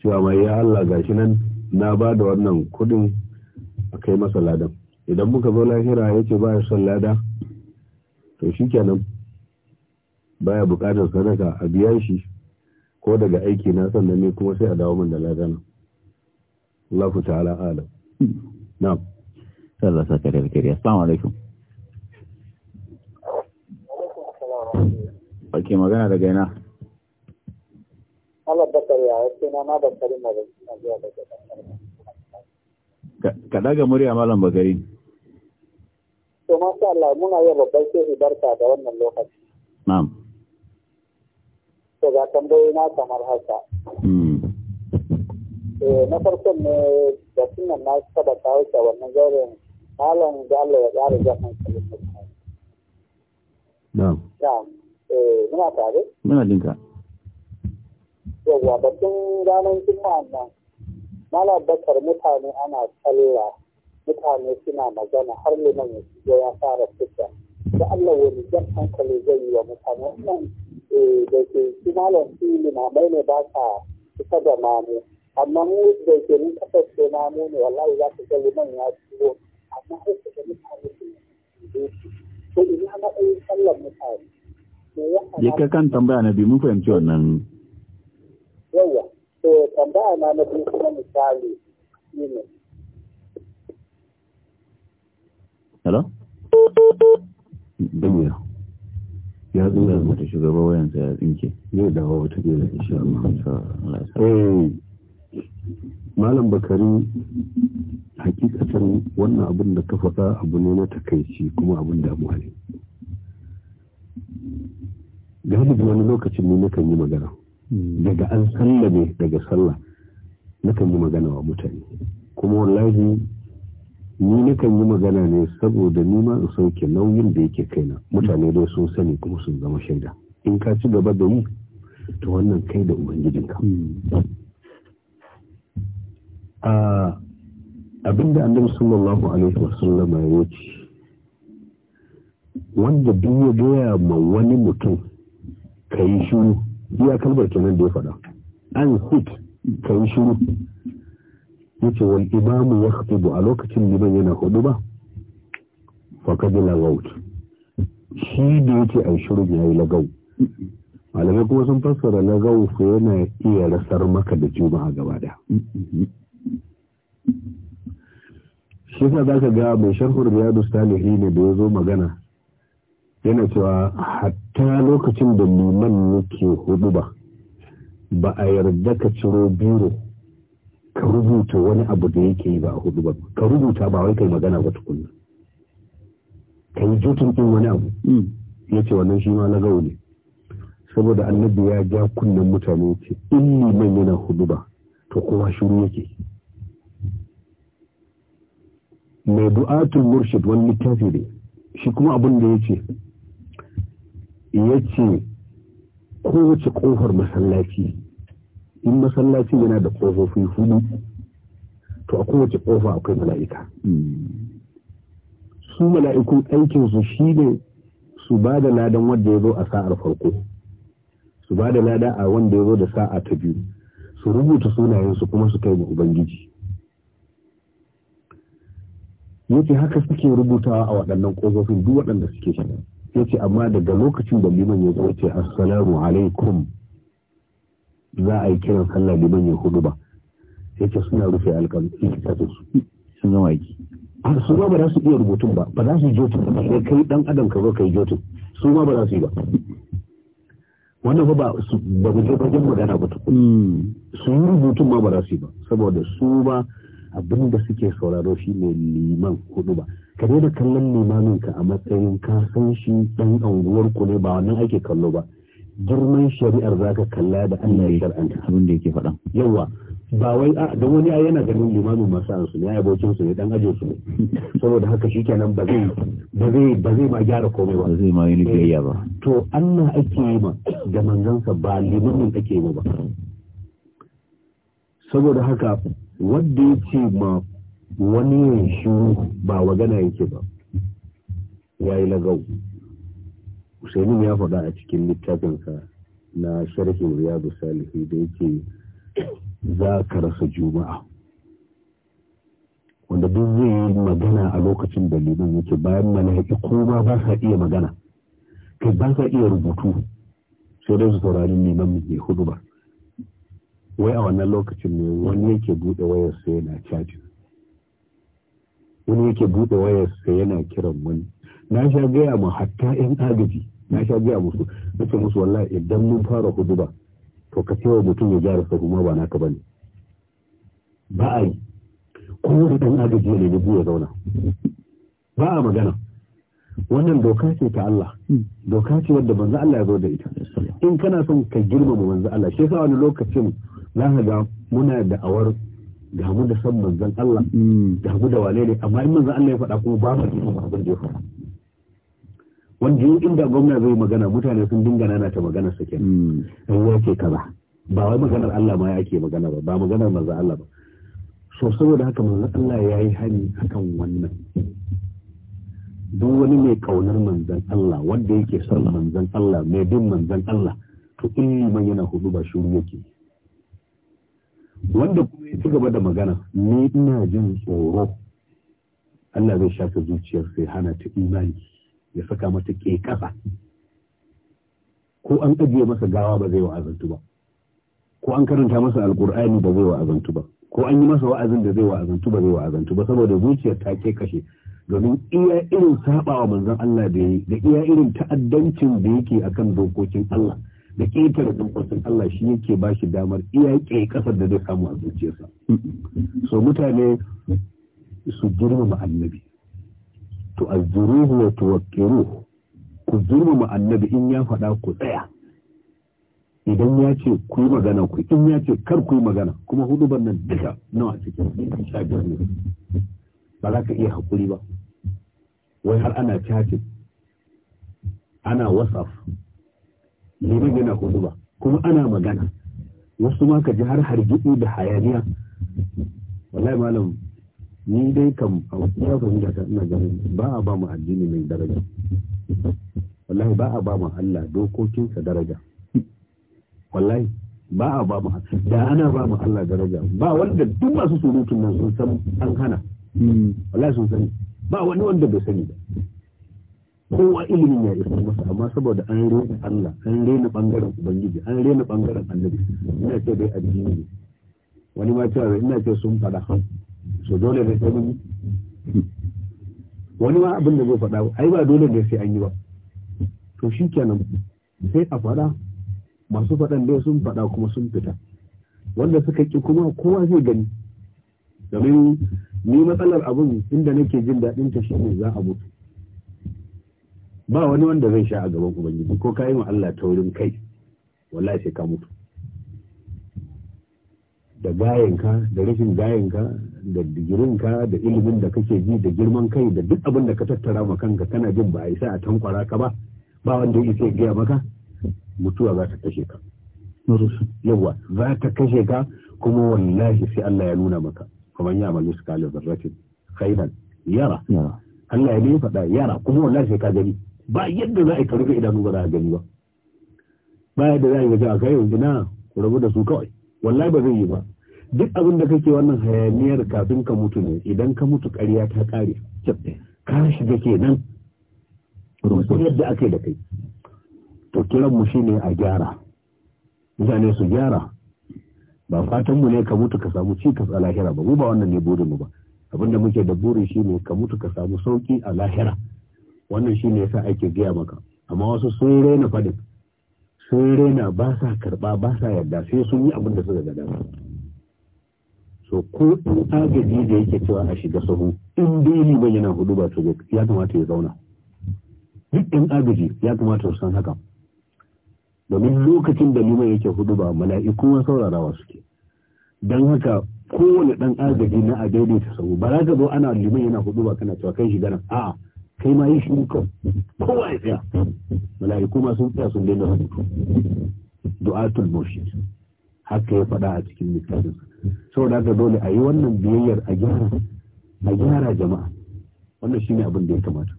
cewa mai ya Allah gashi nan na ba da wannan kudin a kai masa ladan idan muka zo lahira ya ce ba ya son lada to shi kenan baya bukatar sadaka a biya shi ko daga aiki na sannan ne kuma sai a dawo min da ladana Allah ta'ala alam na sallah saka da kiriya assalamu alaikum Ake magana daga ina? Allah bakari ya yake na ma bakari ma da suna zuwa daga Ka daga murya malam bakari. To masha Allah muna yin babban sai barka da wannan lokaci. Na'am. to ga tambayoyi na kamar haka hmm. eh, na farkon ne da sunan na saba kawo ta wannan zauren malam da Allah ya tsara jami'an kalin mutane. Na'am. Eh, muna tare? Muna dinka. Yawwa batun ranar juma'a nan malam bakar mutane ana sallah mutane suna magana har liman ya ya fara fita da Allah wani jan hankali zai yi wa mutane Eh, da ke shi malam fili na limamai ne ba sa kusa da mamu amma mu da ke mun ce mamu ne wallahi za ka ga man ya ciwo amma har su ga mutane su ne to ina matsayin sallar mutane ya ka kan tambaya na biyu mun fahimci wannan yawa to tambaya na na biyu kuma misali shi ne. hello Dubuya. ya tsura mata shugaba wayansa ya tsinke yau da wata gela insha Allah eh, malam bakari hakikatan wannan abin da ka faɗa abu ne na takaici kuma abin damuwa ne galibi wani lokacin ne nakan yi magana hmm. daga an sallame daga sallah nakan yi magana wa mutane kuma wallahi ni nakan yi magana ne saboda nima in sauke nauyin da yake kai na mutane dai sun sani kuma sun zama shaida in ka ci gaba da yi to wannan kai da ubangijinka abinda annabi sallallahu alaihi wasallama ya ce wanda duk ya doya ma wani mutum ka yi shiru iya kalmar kenan da ya faɗa an hit ka yi shiru yace wal imamu ya khutubu a lokacin da ban yana ba huduba faqad gaut shi da yake ai ya yayi lagau malamai kuma sun fassara lagau fa yana iya rasar maka da juma'a gaba da shi sa za ga mai sharhur riyadu salihi ne da ya zo magana yana cewa hatta lokacin da liman yake hudu ba ba a yarda ka ciro biro ka rubuta wani abu da yake yi ba a hudu ba ka rubuta ba wai kai magana ba tukunna ka yi jutun ɗin wani abu hmm. ya ce wannan shi ma na gawo ne saboda annabi ya ja kunnen mutane ce in liman yana hudu ba to kowa shiru yake mai du'atul murshid wani littafi ne shi kuma abin da ya ce ya ce kowace ƙofar masallaci in masallaci yana da ƙofofi hudu to a kowace ƙofa akwai mala'ika su mala'ikun aikinsu shi ne su ba da ladan wanda ya zo a sa'ar farko su ba da lada a wanda ya zo da sa'a ta biyu su rubuta sunayensu kuma su kai ga ubangiji yake haka suke rubutawa a waɗannan ƙofofin duk waɗanda suke shiga yace amma daga lokacin da liman ya zo ce assalamu alaikum za a yi kiran sallah liman ya hudu ba sai ce suna rufe alƙalin su sun zama aiki a ah, su ma ba za su iya rubutun ba ba za su yi jotun ba sai kai dan adam ka zo ka yi jotun su ma ba za su yi ba wannan ba su ba mu je fagen magana ba hmm. su yi rubutun ma ba za su yi ba saboda su ba abin da suke sauraro shi ne liman hudu ba ka daina kallon limamin ka a matsayin ka san shi dan anguwar ku ne ba wannan ake kallo ba girman shari'ar za ka kalla da Allah ya shar'anta abin da yake faɗa yawa ba wai a don wani ayi yana ganin limamin masu ansu ne ya abokin su ne dan ajin su ne saboda haka kenan ba zai ba zai ba zai ma gyara komai ba zai ma yi biyayya ba eh, to Allah ake yi ma da manzansa ba limamin ake yi ba saboda haka wanda ya ce ma wani shi ba wagana yake ba ya yi lagau Usainu ya faɗa a cikin littafinsa na sharhin riyadu salihi da yake za ka rasa juma'a wanda duk zai yi magana a lokacin da liman yake bayan mala'iki ko ma ba sa iya magana kai ba sa iya rubutu sai dai su saurari liman mai hudu ba wai a wannan lokacin ne wani yake buɗe wayar sai yana cajin wani yake buɗe wayar sai yana kiran wani na sha gaya ma hatta yan agaji na sha gaya musu na ce musu wallahi idan mun fara huduba to ka cewa mutum ya gyara sa kuma ba naka bane ba a yi kowane dan agaji ne ne ya zauna ba a magana wannan doka ce ta Allah doka ce wadda manzo Allah ya zo da ita in kana son ka girmama manzo Allah shi yasa wani lokacin za ka ga muna da awar mu da san manzon Allah mm. ga mu da wale ne amma in manzo Allah ya faɗa kuma ba mu abin da ya faɗa wanda yau inda gwamna zai magana mutane sun dinga nana ta magana sa kenan ruwa hmm. ke kaza ba wai maganar Allah ma yake magana ba ba maganar manzo Allah ba so saboda haka manzo Allah ya yi hani akan wannan duk wani mai kaunar manzon Allah wanda yake son manzon Allah mai bin manzon Allah to in man yana hudu ba shiru yake wanda kuma ya ci gaba da magana ni ina jin tsoro Allah zai shafe zuciyar sai hana ta imani ya saka mata ke kasa ko an ajiye masa gawa ba zai wa'azantu ba ko an karanta masa alkur'ani ba zai wa'azantu ba ko an yi masa wa'azin da zai wa'azantu ba zai wa'azantu ba saboda zuciyar ta ke kashe domin iya irin sabawa manzon Allah da yi da iya irin ta'addancin da yake akan dokokin Allah da ƙetare dokokin Allah shi yake ba shi damar iya ke kasar da zai samu a zuciyarsa so mutane su girmama annabi tu'azziruhu wa tuwaqqiruhu ku girmama annabi in ya faɗa ku tsaya idan ya ce ku yi magana ku in ya ce kar ku yi magana kuma hudu nan duka nawa cikin sha ne ba za ka iya haƙuri ba wai har ana chatting ana wasaf liman yana hudu ba kuma ana magana wasu ma ka ji har hargitsi da hayaniya wallahi malam ni dai kam a wasu ya fahimta ta ina ganin ba a ba mu addini mai daraja wallahi ba a ba mu Allah dokokinsa daraja wallahi ba a ba mu da ana ba mu Allah daraja ba wanda duk masu surutun nan sun san an hana wallahi sun sani ba wani wanda bai sani ba kowa ilimin ya isa masa amma saboda an rena Allah an rena bangaren ubangiji an rena bangaren annabi ina ce dai addini ne wani ma cewa ina ce sun fada so dole ne sai mu wani ma abin da zai faɗa ai ba dole ne sai an yi ba to shi kenan sai a faɗa masu faɗan dai sun faɗa kuma sun fita wanda suka ki kuma kowa zai gani domin ni matsalar abin inda nake jin daɗin ta shi ne za a mutu ba wani wanda zai sha a gaban ubangiji ko ka yi ma Allah taurin kai wallahi sai ka mutu da gayanka da rashin ka, da digirinka da ilimin da kake ji da girman kai da duk abin da ka tattara ma kanka kana jin ba a isa a tankwara ka ba ba wanda yake gaya maka mutuwa za ta kashe ka yawa za ta kashe ka kuma wallahi sai Allah ya nuna maka kuma ya malu su da zarratin khairan yara Allah ya ne faɗa yara kuma wallahi sai ka gani ba yadda za a yi ka idanu ba za a gani ba ba yadda za a yi waje a kai yanzu na rabu da su kawai wallahi ba zai yi ba duk abin da kake wannan hayaniyar kafin ka mutu ne idan ka mutu ƙarya ta ƙare ka shiga kenan rumfin yadda aka da kai to kiran mu shine a gyara mutane su gyara ba fatan mu ne ka mutu ka samu cikas a lahira ba mu ba wannan ne burin mu ba abinda muke da burin shine ka mutu ka samu sauki a lahira wannan shine yasa ake gaya maka amma wasu sun raina fadin sun rena ba sa karɓa ba sa yarda sai sun yi abin da suka ga dama so ko in agaji da yake cewa a shiga sahu in dai ban yana hudu ba to ya kamata ya zauna duk ɗan agaji ya kamata su san haka domin lokacin da liman yake hudu ba mala'iku ma saurarawa suke don haka kowane ɗan agaji na a daidaita sahu ba za ka zo ana liman yana hudu ba kana cewa kai shiga nan a'a kai ma yi shi ko kowa ya tsaya mala'iku ma sun tsaya sun daina rubutu du'atul murshid haka ya faɗa a cikin littafin saboda haka dole a yi wannan biyayyar a gyara a gyara jama'a wannan shine abin da ya kamata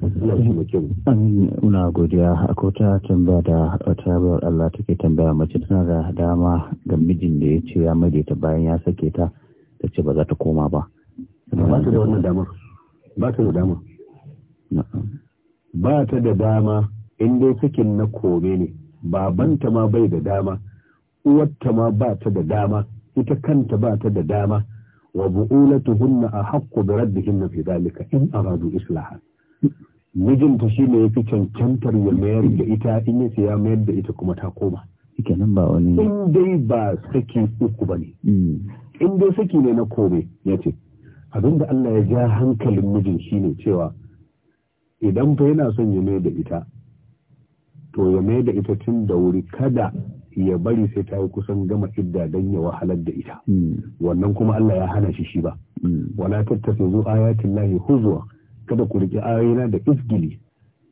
Allah shi kyau godiya a ta tambaya da wata bayar Allah take tambaya mace tana da dama ga mijin da ya ce ya maidaita bayan ya sake ta ta ce ba za ta koma ba ba ta da wannan damar ba ta da damar ba ta da dama in dai sakin na kome ne babanta ma bai da dama uwarta ma ba ta da dama ita kanta ba ta da dama wa bu'ulatuhunna ahaqqu bi raddihinna fi dhalika in aradu islaha mijinta shi ne ya fi cancantar ya mayar da ita in ya ya mayar da ita kuma ta koma. Kenan ba In dai ba saki uku ba ne. Mm. In dai saki ne na kome ya ce. Abinda Allah ya ja hankalin mijin shi ne cewa idan fa yana son ya mai da ita to ya mai da ita tun da wuri kada ya bari sai ta yi kusan gama idda don ya wahalar da ita hmm. wannan kuma Allah ya hana shi shi ba hmm. wala tattafi zu ayatin lahi huzwa kada ku riki ayoyina da isgili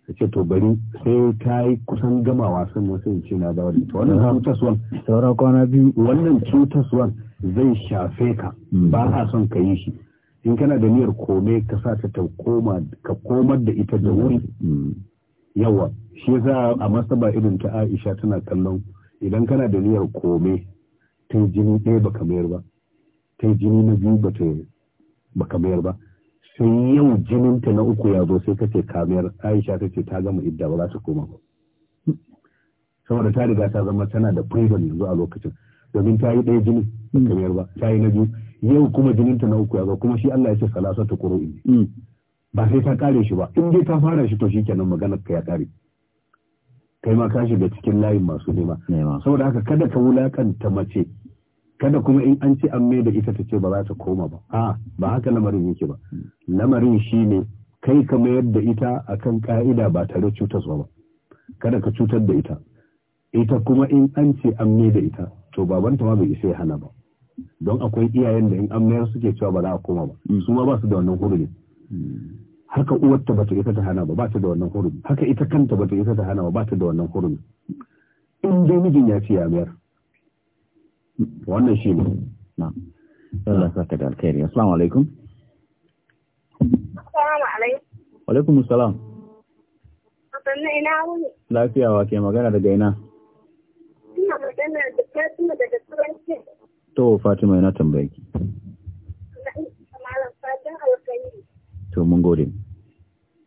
ta ce to bari sai ta yi kusan gamawa sannan sai ce na dawo da ita wannan cutaswan saura kwana biyu wannan cutaswan zai shafe ka hmm. ba a son ka yi shi in kana da niyyar kome ka sa ta koma ka komar da ita da wuri yawa shi yasa a masaba irin ta Aisha tana kallon idan kana da niyyar kome ta jini ɗaya baka mayar ba ta jini na biyu ba baka mayar ba sai yau jininta na uku ya zo sai ka ce Aisha ta ce ta gama idda ba za ta koma ba saboda ta riga ta zama tana da prison yanzu a lokacin domin ta yi ɗaya jini da hmm. ba ta yi na biyu yau kuma jininta na uku ya kuma shi Allah ya ce salasa ta kuru'i hmm. ba sai ta kare shi ba in dai ta fara shi to shikenan maganar ka ya kare kai ma ka shiga cikin layin masu nema saboda haka kada ka wulakanta mace kada kuma in an ce an mai da ita ta ce ba za ta koma ba a ba haka lamarin yake ba hmm. lamarin shi ne kai ka mayar da ita akan ka'ida ba tare cutarwa ba kada ka cutar da ita ita kuma in an ce an mai da ita to babanta ma bai isa ya hana ba don akwai iyayen da in an mayar suke cewa ba za a koma ba mm. su ma ba su da wannan hurumi mm. haka uwarta bata isa ta hana ba ba ta da wannan hurumi haka ita kanta bata isa ta hana ba ba ta da wannan hurumi in dai mijin ya ce ya mayar wannan shi ne Allah ka da alkhairi assalamu alaikum assalamu alaikum wa alaikum assalam ina wuni lafiya wa ke magana daga ina Fatima daga Turanci. To Fatima yana tambaye ki. Malam fatan alkhairi. To mun gode.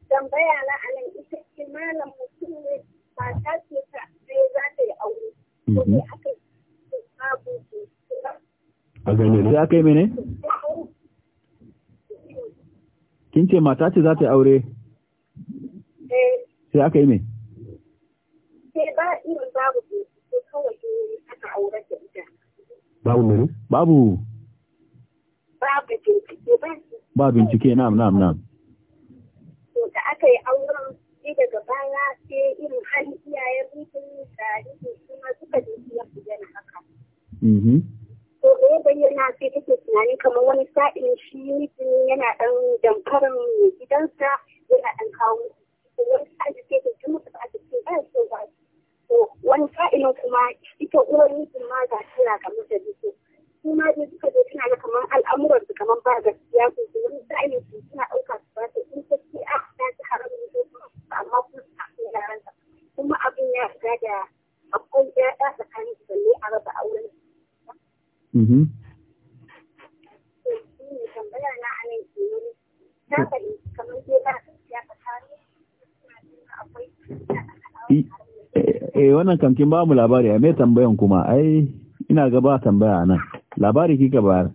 Tambaya na anan ita ce malam mutum ne mata ce ta sai za ta yi aure. Sai mhm. aka yi babu A gane sai aka yi mene? Kin ce mata ce za ta yi aure? Eh. Sai aka yi me? Sai eh, ba irin eh, babu Babu mene? Babu. Babu ba. bincike na'am na'am na'am. To da aka yi auren shi daga baya sai irin hali iyayen mutum da irin suka je su yafi yana haka. Mm-hmm. To da ya bayyana sai take tunani kamar wani sa'in shi mutum yana ɗan damfarin gidansa yana ɗan kawo. Wani sa'in sai ta ji mutu a cikin ɗan so ba to wani sa'ilin kuma ita uwar mijin ma ga tana kamar da jiki su ma dai duka dai tana kamar al'amuran su kamar ba gaskiya ko su wani sa'ilin su suna ɗauka su ba su in gaskiya a ah, ta ci haram ne ko amma kuma su haɗu ta. kuma abin ya riga da akwai ƴaƴa tsakanin su balle a raba auren. Mm-hmm. tambaya na a nan ke na fahimci kamar dai ba gaskiya tsakanin akwai Eh, eh wannan kin ba mu labari a me tambayan kuma ai ina gaba tambaya nan labari ki ka bayar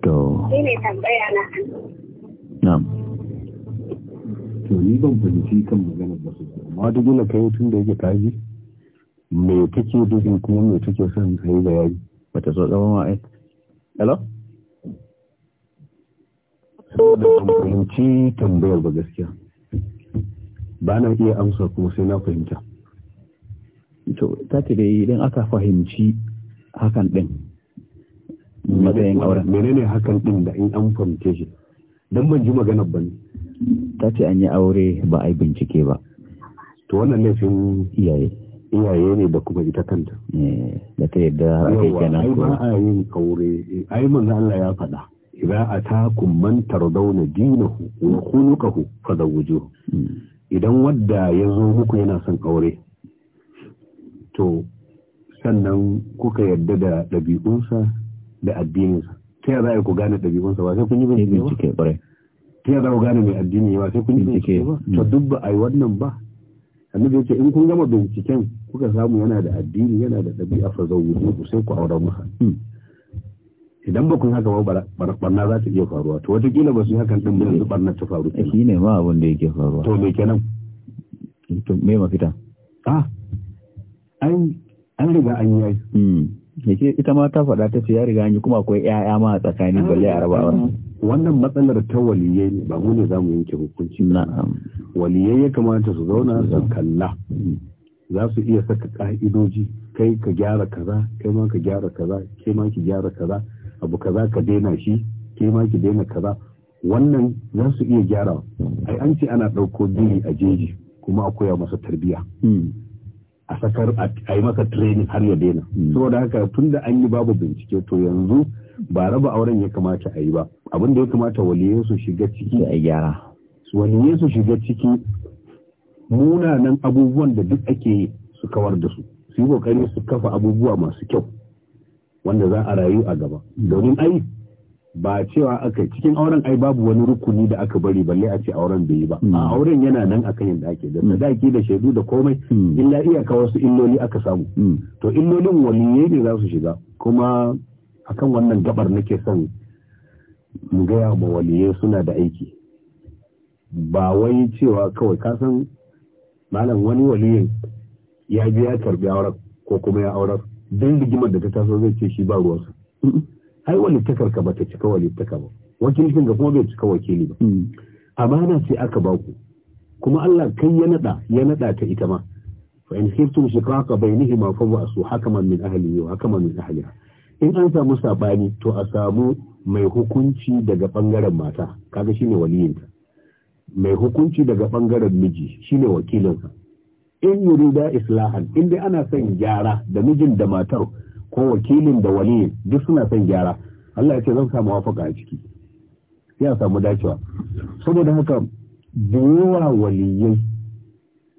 To. Shi ne tambaya na. Na'am. To ni ban fahimci kan magana ba su amma duk wanda kai tun da yake kaji me kake dubi kuma me kake son sai yayi ba ta zo zama ma ai hello da ban fahimci tambayar ba gaskiya ba na iya amsa kuma sai na fahimta to ta ce dai idan aka fahimci hakan din matsayin auren menene hakan din da in an fahimce shi dan ban ji magana ba ne ta ce an yi aure ba a yi bincike ba to wannan laifin iyaye iyaye ne da kuma ita kanta eh, da ta yadda ake kenan ko ai yin kaure, ai manzo Allah ya faɗa idza atakum man tardawna dinahu wa khuluquhu fazawwijuhu hmm. idan wadda ya zo muku yana son aure to sannan kuka yadda da ɗabi'unsa da addininsa ta yadda ku gane ɗabi'unsa ba sai kun yi bincike ba ta yadda ku gane mai addini ba sai kun yi bincike ba hmm. to duk ba a yi wannan ba annabi ya ce in kun gama binciken kuka samu yana da addini yana da ɗabi'a fa zauri ku sai ku aure masa hmm. idan ba kun haka ba barna za ta iya faruwa to wataƙila ba su yi hakan ɗin yanzu barna ta faru shi ne ma abin da yake faruwa to me kenan to me mafita a ah, an an riga an yi hmm. yake ita ma ta faɗa ta ce ya riga ni kuma akwai ƴaƴa ma a tsakanin balle a raba wannan matsalar ta waliyai ne ba mu ne za mu yanke hukunci na'am waliyai ya kamata su zauna su kalla hmm. za su iya saka ƙa'idoji kai ka gyara kaza kai ma ka gyara kaza kai ma ki gyara kaza abu kaza ka daina shi kai ma ki daina kaza wannan za su iya gyara ai an ce ana ɗauko gini a jeji kuma a koya masa tarbiya hmm. a sakar a yi masa training har ya daina hmm. saboda haka tun da an yi babu bincike to yanzu ba raba auren ya kamata a yi ba abin da ya kamata waliye su shiga ciki a gyara waliye su shiga ciki munanan abubuwan da duk ake su kawar da su su yi kokari su kafa abubuwa masu kyau wanda za a rayu a gaba domin ai ba cewa aka cikin auren ai babu wani rukuni da aka bari balle a ce auren bai yi ba mm. a auren yana nan akan yadda ake da mm. sadaki da shaidu da komai mm. illa iyaka wasu illoli aka samu to illolin waliyai ne za su shiga kuma akan wannan gabar nake son mu gaya ma waliyai suna da aiki ba wai cewa kawai kasan malam wani waliyin ya je ya karbi aurar ko kuma ya aurar don rigimar da ta taso zai ce shi ba ruwansa ai walittakar ka ba ta cika walittaka ba wakilin ga kuma bai cika wakili ba hmm. amana ce aka ba ku kuma Allah kai ya nada ya nada ta ita ma fa in khiftum shiqaqa bainihima fa ba'su hakaman min ahlihi wa hakaman min ahliha in an samu sabani to a samu mai hukunci daga bangaren mata kaga shine waliyinta mai hukunci daga bangaren miji shine wakilinsa in yurida islahan in dai ana son gyara da mijin da matar ko wakilin da waliyin duk suna son gyara Allah ya ce zan samu wafaka a ciki ya samu dacewa saboda haka da waliyai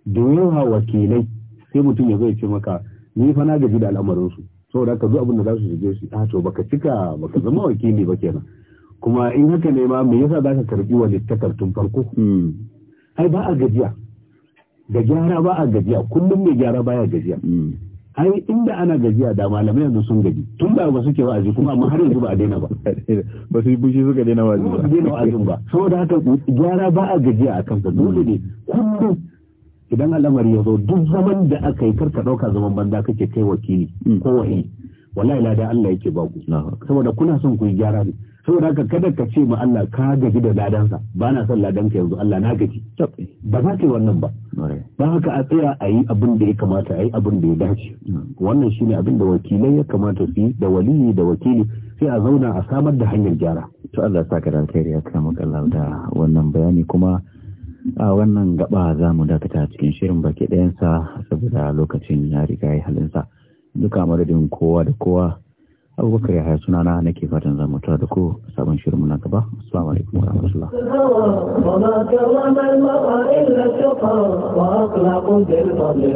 da wakilai sai mutum ya zai ce maka ni fa na gaji da al'amarin su? saboda haka duk abin da za su shige shi, a ah, to baka cika baka zama wakili ba kenan kuma in haka ne ma me yasa za ka karbi walittakar tun farko hmm. ai ba a gajiya da gyara ba a gajiya kullum mai gyara baya gajiya hmm. ai inda ana gajiya da malamai yanzu sun gaji tun da ba suke wa'azi kuma amma har yanzu ba a daina ba ba su yi bushi suka daina wa'azi ba daina wa'azin ba saboda haka gyara ba a gajiya a ka dole ne kullum idan al'amari ya zo duk zaman da aka yi karka ɗauka zaman banza kake kai wakili hmm. ko wahi wallahi lada Allah yake ba ku saboda kuna son ku yi gyara ne saboda haka kada ka ce ma Allah ka gaji da ladansa ba na son ladan ka yanzu Allah na gaji ba za ka yi wannan ba ba haka a tsaya a yi abin da ya kamata a yi abin da ya dace wannan shine abin da wakilai ya kamata su yi da waliyi da wakili sai a zauna a samar da hanyar gyara to Allah saka da alkhairi ya kama Allah da wannan bayani kuma a wannan gaba za mu dakata cikin shirin baki ɗayansa saboda lokacin ya riga ya halinsa. duka madadin kowa da kowa abubakar ya haya sunana nake fatan zamu tara da ku sabon shirin na gaba assalamu alaikum wa rahmatullah